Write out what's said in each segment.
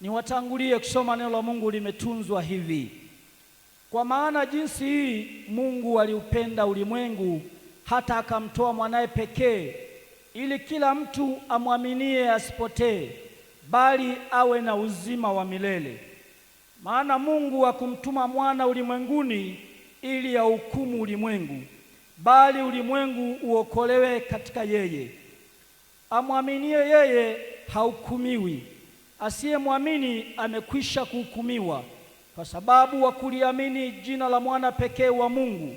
niwatangulie kusoma neno la Mungu limetunzwa hivi: kwa maana jinsi hii Mungu aliupenda ulimwengu hata akamtoa mwanaye pekee, ili kila mtu amwaminie asipotee, bali awe na uzima wa milele. Maana Mungu hakumtuma mwana ulimwenguni ili ahukumu ulimwengu, bali ulimwengu uokolewe katika yeye. Amwaminie yeye hahukumiwi Asiyemwamini amekwisha kuhukumiwa kwa sababu wa kuliamini jina la mwana pekee wa Mungu.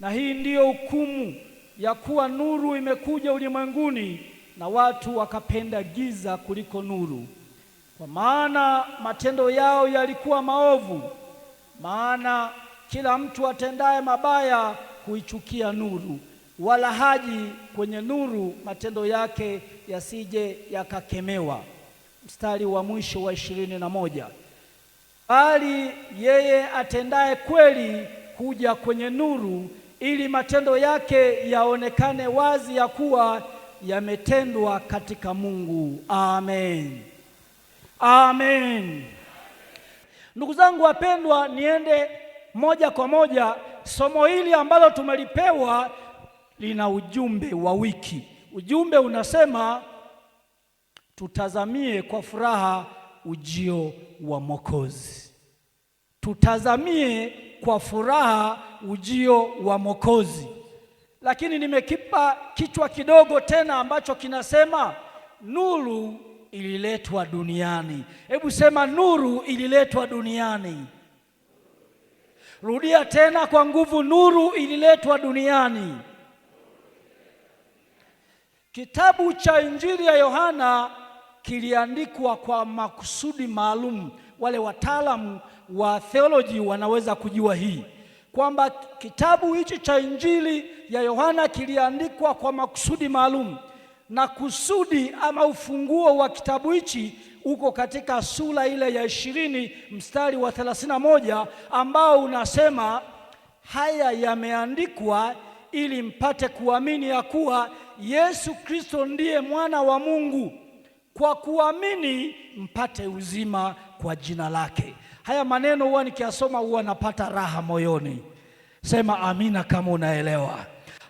Na hii ndiyo hukumu ya kuwa nuru imekuja ulimwenguni, na watu wakapenda giza kuliko nuru, kwa maana matendo yao yalikuwa maovu. Maana kila mtu atendaye mabaya huichukia nuru, wala haji kwenye nuru, matendo yake yasije yakakemewa mstari wa mwisho wa ishirini na moja bali yeye atendaye kweli huja kwenye nuru, ili matendo yake yaonekane wazi ya kuwa yametendwa katika Mungu. Amen, amen. Ndugu zangu wapendwa, niende moja kwa moja. Somo hili ambalo tumelipewa lina ujumbe wa wiki. Ujumbe unasema tutazamie kwa furaha ujio wa Mwokozi, tutazamie kwa furaha ujio wa Mwokozi. Lakini nimekipa kichwa kidogo tena ambacho kinasema nuru ililetwa duniani. Hebu sema nuru ililetwa duniani. Rudia tena kwa nguvu, nuru ililetwa duniani. Kitabu cha Injili ya Yohana kiliandikwa kwa makusudi maalum. Wale wataalamu wa theoloji wanaweza kujua hii kwamba kitabu hichi cha Injili ya Yohana kiliandikwa kwa makusudi maalum, na kusudi ama ufunguo wa kitabu hichi uko katika sura ile ya ishirini mstari wa thelathini na moja ambao unasema haya yameandikwa ili mpate kuamini ya kuwa Yesu Kristo ndiye mwana wa Mungu kwa kuamini mpate uzima kwa jina lake. Haya maneno huwa nikiyasoma huwa napata raha moyoni. Sema amina kama unaelewa.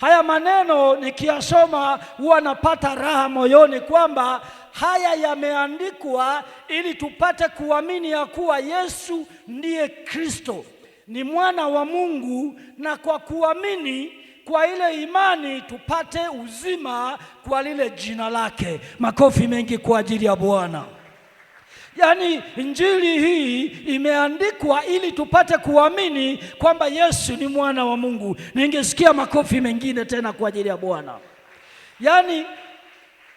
Haya maneno nikiyasoma huwa napata raha moyoni kwamba haya yameandikwa ili tupate kuamini ya kuwa Yesu ndiye Kristo, ni mwana wa Mungu, na kwa kuamini kwa ile imani tupate uzima kwa lile jina lake. Makofi mengi kwa ajili ya Bwana. Yaani, injili hii imeandikwa ili tupate kuamini kwamba Yesu ni mwana wa Mungu. Ningesikia makofi mengine tena kwa ajili ya Bwana. Yaani,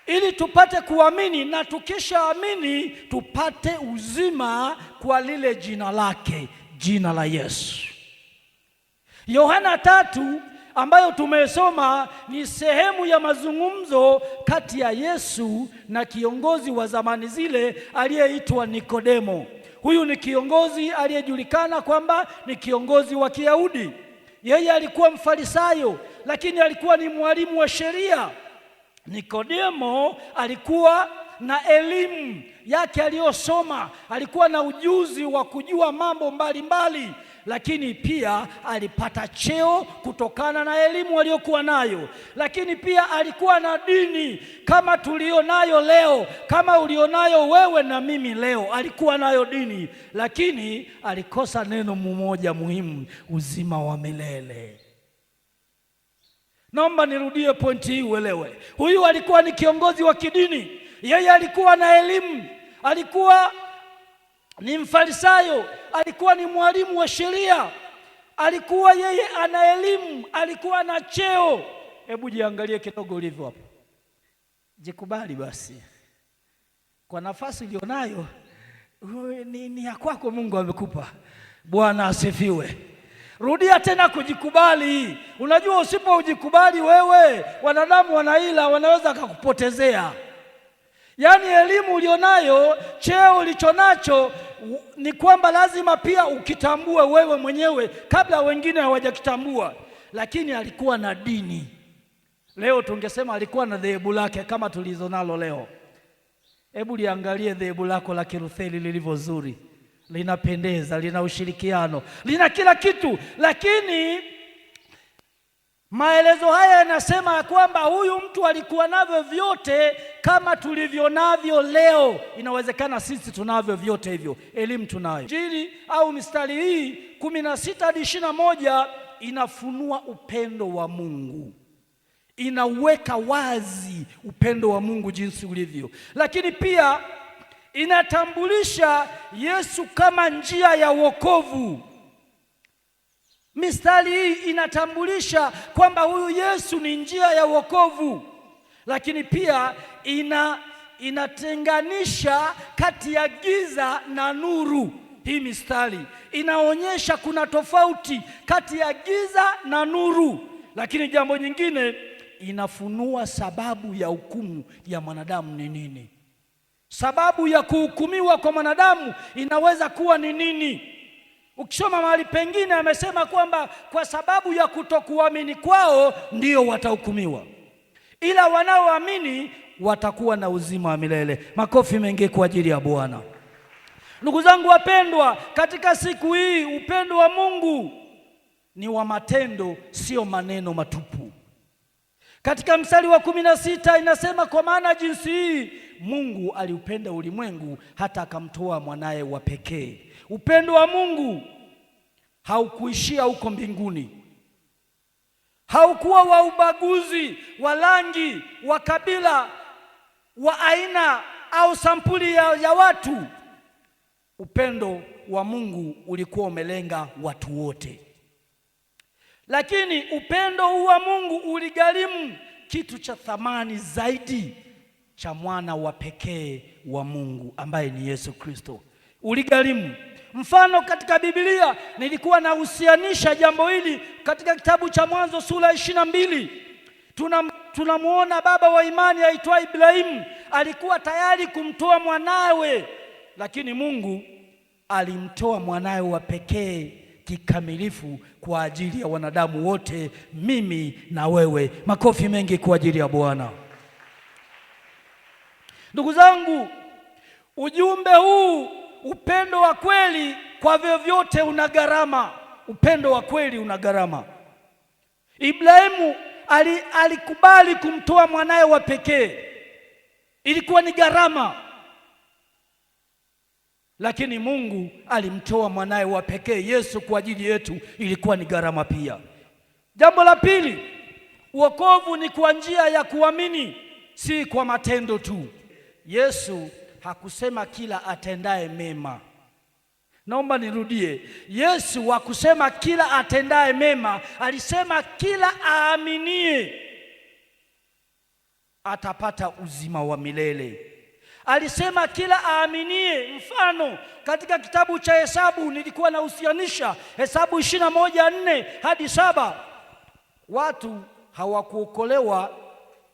ili tupate kuamini na tukishaamini tupate uzima kwa lile jina lake, jina la Yesu. Yohana tatu ambayo tumesoma ni sehemu ya mazungumzo kati ya Yesu na kiongozi wa zamani zile aliyeitwa Nikodemo. Huyu ni kiongozi aliyejulikana kwamba ni kiongozi wa Kiyahudi. Yeye alikuwa Mfarisayo, lakini alikuwa ni mwalimu wa sheria. Nikodemo alikuwa na elimu yake aliyosoma, alikuwa na ujuzi wa kujua mambo mbalimbali mbali lakini pia alipata cheo kutokana na elimu aliyokuwa nayo, lakini pia alikuwa na dini kama tulionayo leo, kama ulionayo wewe na mimi leo. Alikuwa nayo dini, lakini alikosa neno mmoja muhimu, uzima wa milele. Naomba nirudie pointi hii uelewe. Huyu alikuwa ni kiongozi wa kidini, yeye alikuwa na elimu, alikuwa ni mfarisayo, alikuwa ni mwalimu wa sheria, alikuwa yeye ana elimu, alikuwa na cheo. Hebu jiangalie kidogo ulivyo hapo, jikubali basi kwa nafasi ulionayo ni, ni ya kwako, Mungu amekupa. Bwana asifiwe. Rudia tena kujikubali. Unajua, usipojikubali wewe, wanadamu wanaila, wanaweza akakupotezea. Yaani elimu ulionayo, cheo ulichonacho ni kwamba lazima pia ukitambue wewe mwenyewe kabla wengine hawajakitambua. Lakini alikuwa na dini, leo tungesema alikuwa na dhehebu lake kama tulizonalo leo. Hebu liangalie dhehebu lako la Kilutheri lilivyo zuri, linapendeza, lina ushirikiano, lina kila kitu, lakini Maelezo haya yanasema ya kwamba huyu mtu alikuwa navyo vyote kama tulivyo navyo leo. Inawezekana sisi tunavyo vyote hivyo, elimu tunayo. Injili au mistari hii kumi na sita hadi ishirini na moja inafunua upendo wa Mungu, inaweka wazi upendo wa Mungu jinsi ulivyo, lakini pia inatambulisha Yesu kama njia ya wokovu. Mistari hii inatambulisha kwamba huyu Yesu ni njia ya wokovu, lakini pia ina inatenganisha kati ya giza na nuru. Hii mistari inaonyesha kuna tofauti kati ya giza na nuru, lakini jambo nyingine inafunua sababu ya hukumu ya mwanadamu ni nini. Sababu ya kuhukumiwa kwa mwanadamu inaweza kuwa ni nini? Ukisoma mahali pengine amesema kwamba kwa sababu ya kutokuamini kwao ndio watahukumiwa, ila wanaoamini watakuwa na uzima wa milele. Makofi mengi kwa ajili ya Bwana. Ndugu zangu wapendwa, katika siku hii upendo wa Mungu ni wa matendo, sio maneno matupu. Katika mstari wa kumi na sita inasema kwa maana jinsi hii Mungu aliupenda ulimwengu hata akamtoa mwanaye wa pekee Upendo wa Mungu haukuishia huko mbinguni. Haukuwa wa ubaguzi wa rangi, wa kabila, wa aina au sampuli ya, ya watu. Upendo wa Mungu ulikuwa umelenga watu wote, lakini upendo huu wa Mungu uligharimu kitu cha thamani zaidi cha mwana wa pekee wa Mungu ambaye ni Yesu Kristo, uligharimu Mfano katika Biblia nilikuwa nahusianisha jambo hili katika kitabu cha Mwanzo sura ya ishirini na mbili tunamwona tuna baba wa imani aitwa Ibrahimu alikuwa tayari kumtoa mwanawe, lakini Mungu alimtoa mwanawe wa pekee kikamilifu kwa ajili ya wanadamu wote, mimi na wewe. Makofi mengi kwa ajili ya Bwana. Ndugu zangu, ujumbe huu upendo wa kweli kwa vyovyote una gharama. Upendo wa kweli una gharama. Ibrahimu alikubali kumtoa mwanaye wa pekee, ilikuwa ni gharama, lakini Mungu alimtoa mwanaye wa pekee Yesu kwa ajili yetu, ilikuwa ni gharama pia. Jambo la pili, wokovu ni kwa njia ya kuamini, si kwa matendo tu. Yesu hakusema kila atendaye mema. Naomba nirudie, Yesu kusema kila atendaye mema, alisema kila aaminie atapata uzima wa milele. Alisema kila aaminie. Mfano katika kitabu cha Hesabu nilikuwa nahusianisha Hesabu ishirini na moja nne hadi saba watu hawakuokolewa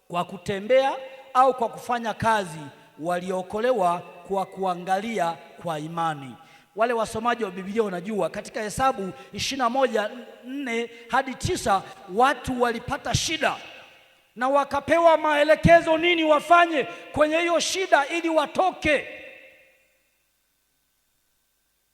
kwa kutembea au kwa kufanya kazi waliokolewa kwa kuangalia kwa imani. Wale wasomaji wa Biblia wanajua katika Hesabu ishirini na moja nne hadi tisa watu walipata shida na wakapewa maelekezo nini wafanye kwenye hiyo shida ili watoke.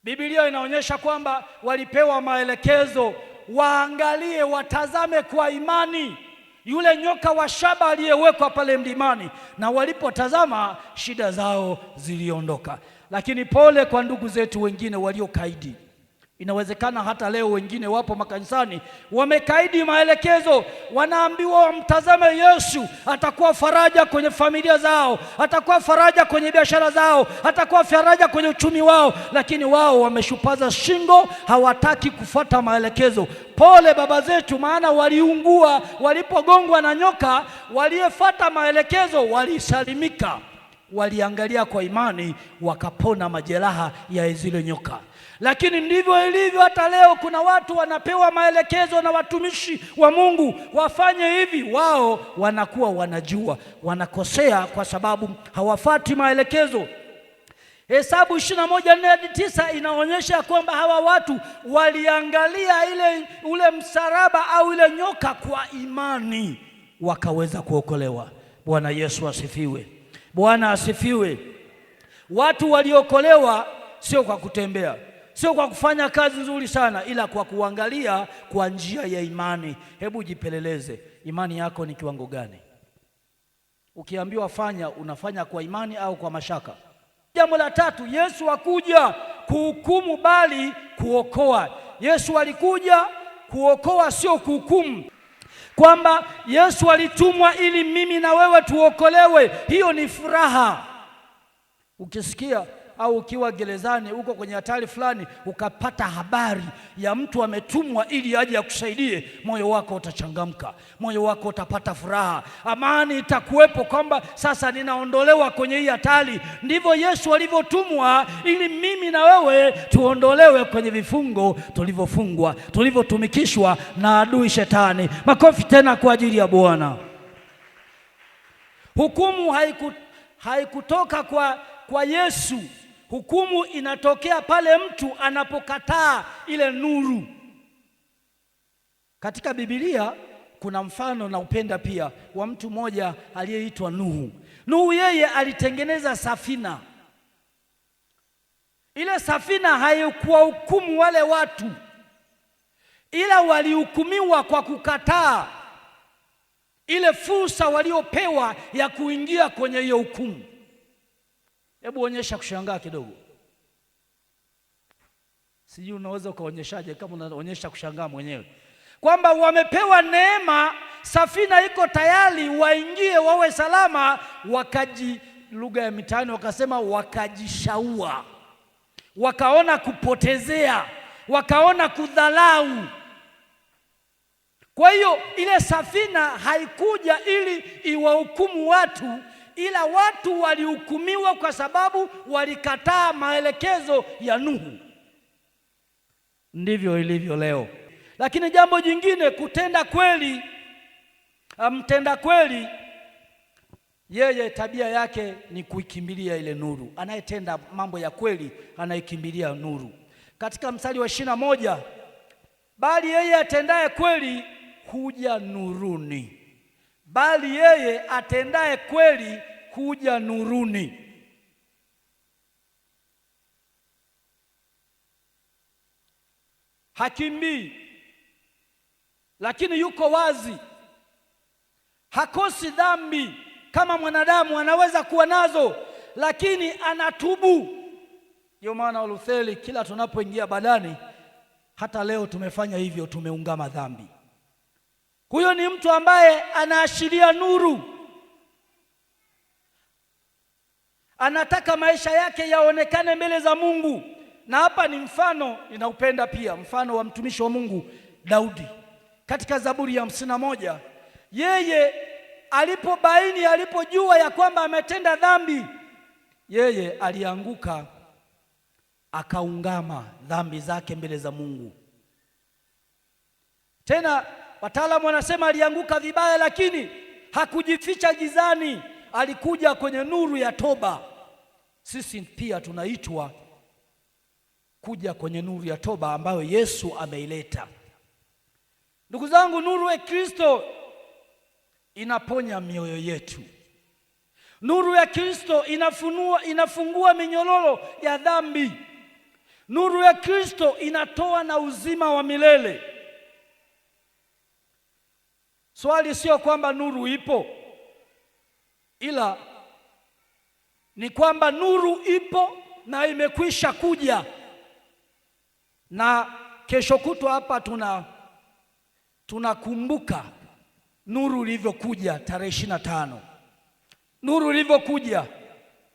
Biblia inaonyesha kwamba walipewa maelekezo waangalie, watazame kwa imani yule nyoka wa shaba aliyewekwa pale mlimani, na walipotazama shida zao ziliondoka. Lakini pole kwa ndugu zetu wengine waliokaidi. Inawezekana hata leo wengine wapo makanisani wamekaidi maelekezo, wanaambiwa wamtazame Yesu, atakuwa faraja kwenye familia zao, atakuwa faraja kwenye biashara zao, atakuwa faraja kwenye uchumi wao, lakini wao wameshupaza shingo, hawataki kufuata maelekezo. Pole baba zetu, maana waliungua walipogongwa na nyoka. Waliyefuata maelekezo walisalimika, waliangalia kwa imani, wakapona majeraha ya zile nyoka. Lakini ndivyo ilivyo hata leo. Kuna watu wanapewa maelekezo na watumishi wa Mungu wafanye hivi, wao wanakuwa wanajua wanakosea, kwa sababu hawafati maelekezo. Hesabu ishirini hadi inaonyesha kwamba hawa watu waliangalia ile ule msalaba au ile nyoka kwa imani, wakaweza kuokolewa. Bwana Yesu asifiwe! Bwana asifiwe! Watu waliokolewa sio kwa kutembea sio kwa kufanya kazi nzuri sana, ila kwa kuangalia kwa njia ya imani. Hebu jipeleleze imani yako ni kiwango gani? Ukiambiwa fanya, unafanya kwa imani au kwa mashaka? Jambo la tatu, Yesu hakuja kuhukumu bali kuokoa. Yesu alikuja kuokoa, sio kuhukumu kwamba Yesu alitumwa ili mimi na wewe tuokolewe. Hiyo ni furaha ukisikia au ukiwa gerezani uko kwenye hatari fulani, ukapata habari ya mtu ametumwa ili aje akusaidie, moyo wako utachangamka, moyo wako utapata furaha, amani itakuwepo kwamba sasa ninaondolewa kwenye hii hatari. Ndivyo Yesu alivyotumwa ili mimi na wewe tuondolewe kwenye vifungo tulivyofungwa, tulivyotumikishwa na adui shetani. Makofi tena kwa ajili ya Bwana. Hukumu haiku, haikutoka kwa, kwa Yesu Hukumu inatokea pale mtu anapokataa ile nuru. Katika Biblia kuna mfano na upenda pia wa mtu mmoja aliyeitwa Nuhu. Nuhu yeye alitengeneza safina. Ile safina haikuwa hukumu wale watu, ila walihukumiwa kwa kukataa ile fursa waliopewa ya kuingia kwenye hiyo hukumu. Hebu onyesha kushangaa kidogo. Sijui unaweza ukaonyeshaje kama unaonyesha kushangaa mwenyewe, kwamba wamepewa neema, safina iko tayari, waingie wawe salama, wakaji, lugha ya mitaani wakasema, wakajishaua, wakaona kupotezea, wakaona kudhalau. Kwa hiyo ile safina haikuja ili iwahukumu watu ila watu walihukumiwa kwa sababu walikataa maelekezo ya Nuhu. Ndivyo ilivyo leo. Lakini jambo jingine, kutenda kweli, mtenda kweli yeye tabia yake ni kuikimbilia ile nuru. Anayetenda mambo ya kweli anaikimbilia nuru. Katika mstari wa ishirini na moja, bali yeye atendaye kweli huja nuruni bali yeye atendaye kweli huja nuruni. Hakimbii, lakini yuko wazi, hakosi dhambi kama mwanadamu anaweza kuwa nazo, lakini anatubu. Ndio maana Walutheri, kila tunapoingia badani, hata leo tumefanya hivyo, tumeungama dhambi. Huyo ni mtu ambaye anaashiria nuru, anataka maisha yake yaonekane mbele za Mungu. Na hapa ni mfano, ninaupenda pia mfano wa mtumishi wa Mungu Daudi katika Zaburi ya hamsini na moja. Yeye alipobaini, alipojua ya kwamba ametenda dhambi, yeye alianguka akaungama dhambi zake mbele za Mungu tena Wataalamu wanasema alianguka vibaya, lakini hakujificha gizani, alikuja kwenye nuru ya toba. Sisi pia tunaitwa kuja kwenye nuru ya toba ambayo Yesu ameileta. Ndugu zangu, nuru ya Kristo inaponya mioyo yetu. Nuru ya Kristo inafunua, inafungua minyororo ya dhambi. Nuru ya Kristo inatoa na uzima wa milele. Swali sio kwamba nuru ipo, ila ni kwamba nuru ipo na imekwisha kuja, na kesho kutwa hapa tuna tunakumbuka nuru ilivyokuja tarehe ishirini na tano. Nuru ilivyokuja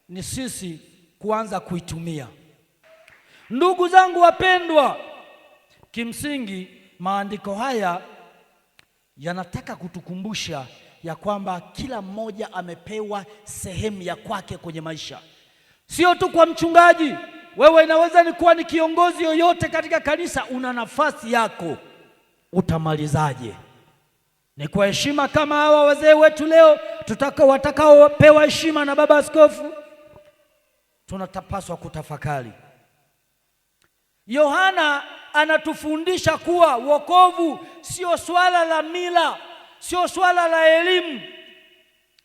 ni sisi kuanza kuitumia. Ndugu zangu wapendwa, kimsingi maandiko haya yanataka kutukumbusha ya kwamba kila mmoja amepewa sehemu ya kwake kwenye maisha, sio tu kwa mchungaji. Wewe inaweza ni kuwa ni kiongozi yoyote katika kanisa, una nafasi yako. Utamalizaje? Ni kwa heshima kama hawa wazee wetu leo watakaopewa heshima na baba askofu, tunatapaswa kutafakari Yohana anatufundisha kuwa wokovu sio swala la mila, sio swala la elimu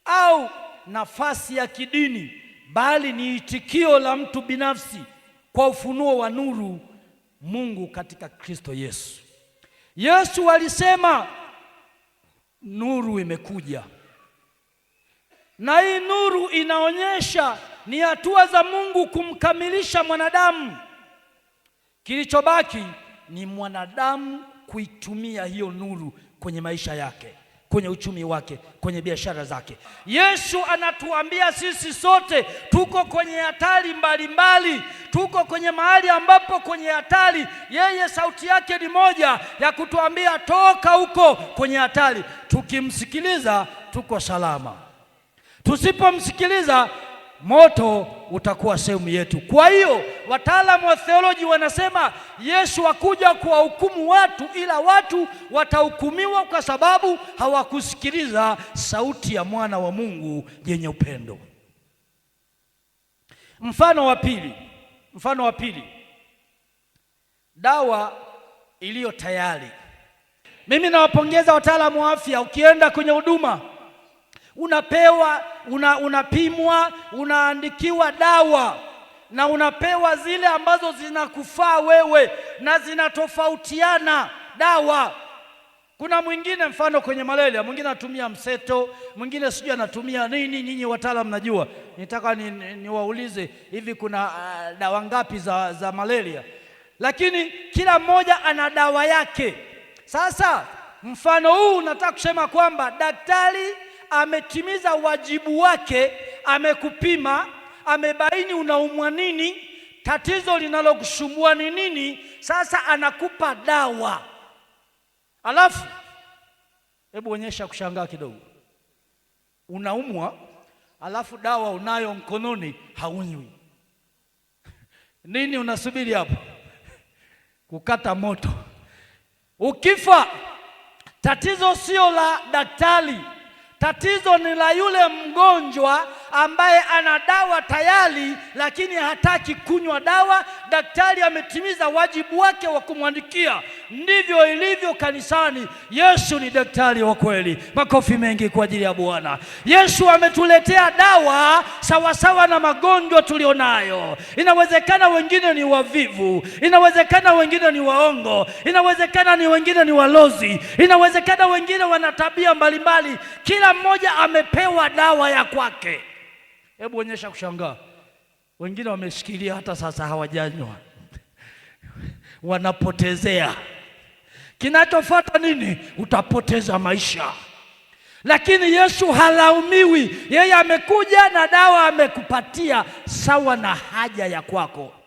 au nafasi ya kidini, bali ni itikio la mtu binafsi kwa ufunuo wa nuru Mungu katika Kristo Yesu. Yesu alisema nuru imekuja, na hii nuru inaonyesha ni hatua za Mungu kumkamilisha mwanadamu Kilichobaki ni mwanadamu kuitumia hiyo nuru kwenye maisha yake, kwenye uchumi wake, kwenye biashara zake. Yesu anatuambia sisi sote tuko kwenye hatari mbalimbali, tuko kwenye mahali ambapo kwenye hatari, yeye sauti yake ni moja ya kutuambia toka huko kwenye hatari. Tukimsikiliza tuko salama, tusipomsikiliza moto utakuwa sehemu yetu. Kwa hiyo wataalamu wa theoloji wanasema Yesu hakuja kuwahukumu watu, ila watu watahukumiwa kwa sababu hawakusikiliza sauti ya mwana wa Mungu yenye upendo. Mfano wa pili, mfano wa pili, dawa iliyo tayari. Mimi nawapongeza wataalamu wa afya, ukienda kwenye huduma unapewa una, unapimwa unaandikiwa dawa na unapewa zile ambazo zinakufaa wewe na zinatofautiana dawa. Kuna mwingine mfano kwenye malaria, mwingine anatumia mseto, mwingine sijui anatumia nini. Nyinyi wataalamu najua, nitaka niwaulize ni, ni hivi kuna uh, dawa ngapi za, za malaria? Lakini kila mmoja ana dawa yake. Sasa mfano huu nataka kusema kwamba daktari ametimiza wajibu wake, amekupima, amebaini unaumwa nini, tatizo linalokusumbua ni nini. Sasa anakupa dawa, alafu hebu onyesha kushangaa kidogo. Unaumwa alafu dawa unayo mkononi haunywi. Nini unasubiri hapo? Kukata moto. Ukifa tatizo sio la daktari, Tatizo ni la yule mgonjwa ambaye ana dawa tayari, lakini hataki kunywa dawa, daktari ametimiza wajibu wake wa kumwandikia. Ndivyo ilivyo kanisani. Yesu ni daktari wa kweli. Makofi mengi kwa ajili ya Bwana Yesu. Ametuletea dawa sawasawa na magonjwa tulionayo. Inawezekana wengine ni wavivu, inawezekana wengine ni waongo, inawezekana ni wengine ni walozi, inawezekana wengine wana tabia mbalimbali. Kila mmoja amepewa dawa ya kwake. Hebu onyesha kushangaa. Wengine wameshikilia hata sasa hawajanywa wanapotezea. Kinachofuata nini? Utapoteza maisha. Lakini Yesu halaumiwi, yeye amekuja na dawa amekupatia sawa na haja ya kwako.